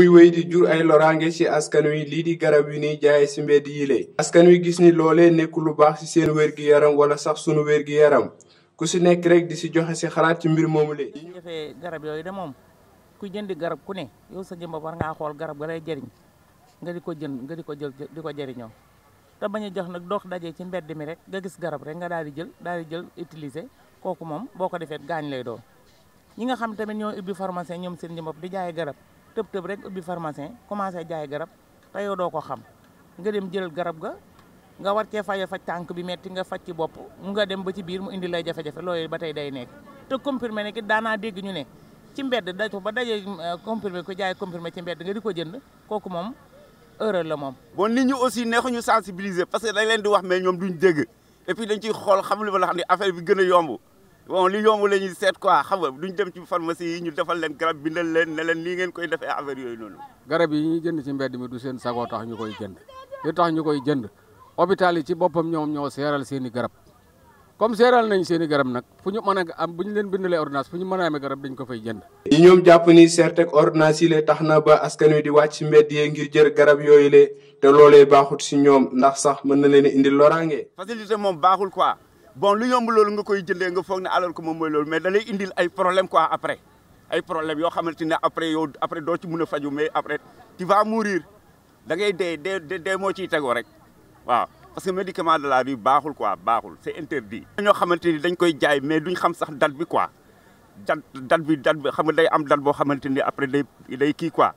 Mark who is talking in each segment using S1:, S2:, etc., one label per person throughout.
S1: muy wéy di jur ay loraange ci askan wi lii di garab yi ni jaay ci mbedd yi le askan wi gis ni loolee nekkul lu baax ci seen wér-gi-yaram wala sax sunu wér-gi-yaram ku ci nekk rek di ci joxe ci xalaat ci mbir moomu li
S2: ñu defee garab yooyu de moom ku jënd garab ku ne yow sa jëmba war ngaa xool garab ga lay jariñ nga di ko jënd nga di ko jël di ko jëriñoo te bañ a jox nag dox daje ci mbedd mi rek nga gis garab rek nga daal di jël daal di jël kooku moom boo ko defee gaañ lay doon ñi nga xam tamit ñoo ubbi pharmacie ñoom seen jëmbopp di jaay garab tëb-tëb rek ubbi pharmacien commencé jaay garab te yow doo ko xam nga dem jël garab ga nga war cee faje faj tànk bi metti nga faj ci bopp nga dem ba ci biir mu indi lay jafe-jafe loolu ba tey day nekk te comprimé ne ki daanaa dégg ñu ne ci mbedd da ko ba dajee euh, comprimé ko jaay comprimé ci mbedd nga di ko jënd kooku moom erreur la moom
S3: bon nit ñi aussi neexuñu
S2: sensibiliser parce que
S3: dañ leen di wax mais ñoom duñ dégg et dañ ciy xool xam li ma la xam affaire bi gën a yomb bon li yomb la seet quoi xam nga duñ dem ci pharmacie yi ñu defal leen garab bindal leen ne leen lii ngeen koy defee affaire yooyu noonu.
S4: garab yi ñuy jënd ci mbedd mi du seen sagoo tax ñu koy jënd li tax ñu koy jënd hôpital yi ci boppam ñoom ñoo seeral seen garab comme seeral nañ seen garab nag fu ñu mën a am bu ñu leen bindalee ordonnance fu ñu mën a amee garab dañ ko fay jënd.
S1: yi jàpp ni seerteg ordonnance yi le tax na ba askan wi di wàcc ci mbedd yi ngir jër garab yooyu le te loolee baaxut si ñoom ndax sax mën na leen indi indil loraange.
S3: facilité moom baaxul quoi bon lu yomb loolu nga koy jëndee nga foog ne alal ko moom mooy loolu mais da lay indil ay problème quoi après ay problème yoo xamante ne après yow après doo ci mun a faju mais après tu vas mourir da ngay dee moo ciy tegoo rek waaw parce que médicament de la rue baaxul quoi baaxul c'est interdit. ñoo xamante ni dañ koy jaay mais duñ xam sax date bi quoi date date bi date bi nga day am date boo xamante ni après day day kii quoi.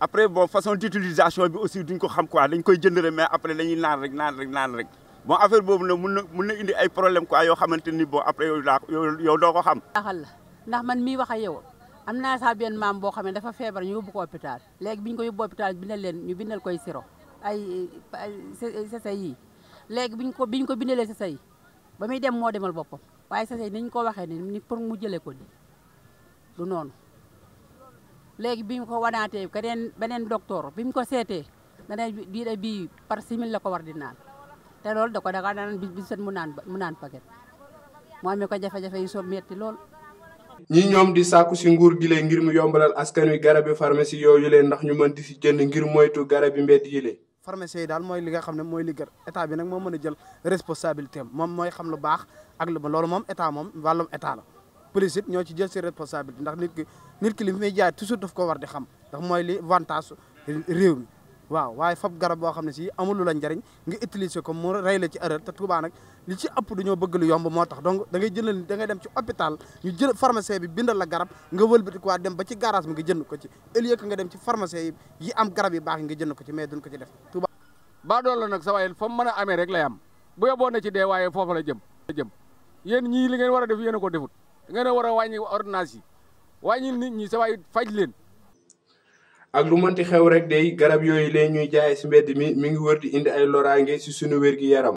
S3: après bon façon d'utilisation bi aussi duñ ko xam quoi dañ koy jënd mais après dañuy naan rek naan rek naan rek. bon affaire boobu nag mun na mun na indi ay problème quoi yoo xamante ni bon après yow daa yow doo ko
S5: xam. jaaxal la ndax man mii wax ak yow am naa saa benn maam boo xam ne dafa feebar ñu yóbbu ko hôpital léegi bi ñu ko yóbbu hôpital bindal leen ñu bindal koy siro ay ay sese yi léegi biñ ko biñ ko bindalee sese yi ba muy dem moo demal boppam waaye sese yi ni ñu ko waxee ni pour mu jëlee ko ni du noonu léegi bi ko wanaatee beneen beneen docteur bi mu ko seetee dana bii bii par simil la ko war di naan. te lool da ko da daan bis bis mu naan mu naan paquet moo amee ko jafe-jafe yu soo metti lool.
S1: ñi ñoom di sàkku si nguur gi lee ngir mu yombalal askan wi garabi pharmacie yooyu lee ndax ñu mën di si jënd ngir moytu garabi mbedd yi lee.
S6: pharmacie yi daal mooy li nga xam ne mooy li état bi nag moo mën a jël responsabilité moom mooy xam lu baax ak lu loolu moom état moom wàllum état la. police it ñoo ci jël seen responsabilité ndax nit ki nit ki li muy jaay toujours daf ko war di xam ndax mooy li avantage réew mi. waaw waaye fab garab boo xam ne si amul lu la njariñ nga utiliser ko mu rey la ci erreur te Touba nag li ci ëpp dañoo bëgg lu yomb moo tax donc da ngay jëndal da ngay dem ci hôpital ñu jël pharmacien bi bindal la garab nga wëlbati dem ba ci garage bi nga jënd ko ci au lieu que nga dem ci pharmacien yi am garab yi baax nga jënd ko ci mais duñ ko ci def Touba baa dool la nag sa waayel fa mu mën a amee
S4: rek lay am bu yóbboo na ci dee waaye foofa la jëm jëm yéen ñii li ngeen war a def yéen ko defut da ngeen a war a wàññi ordonnance yi wàññi nit ñi sa waay faj leen
S1: ak lu mënti xew rek day garab yooyu lee ñuy jaay si mbedd mi mi ngi wër di indi ay loraange si sunu wér gi yaram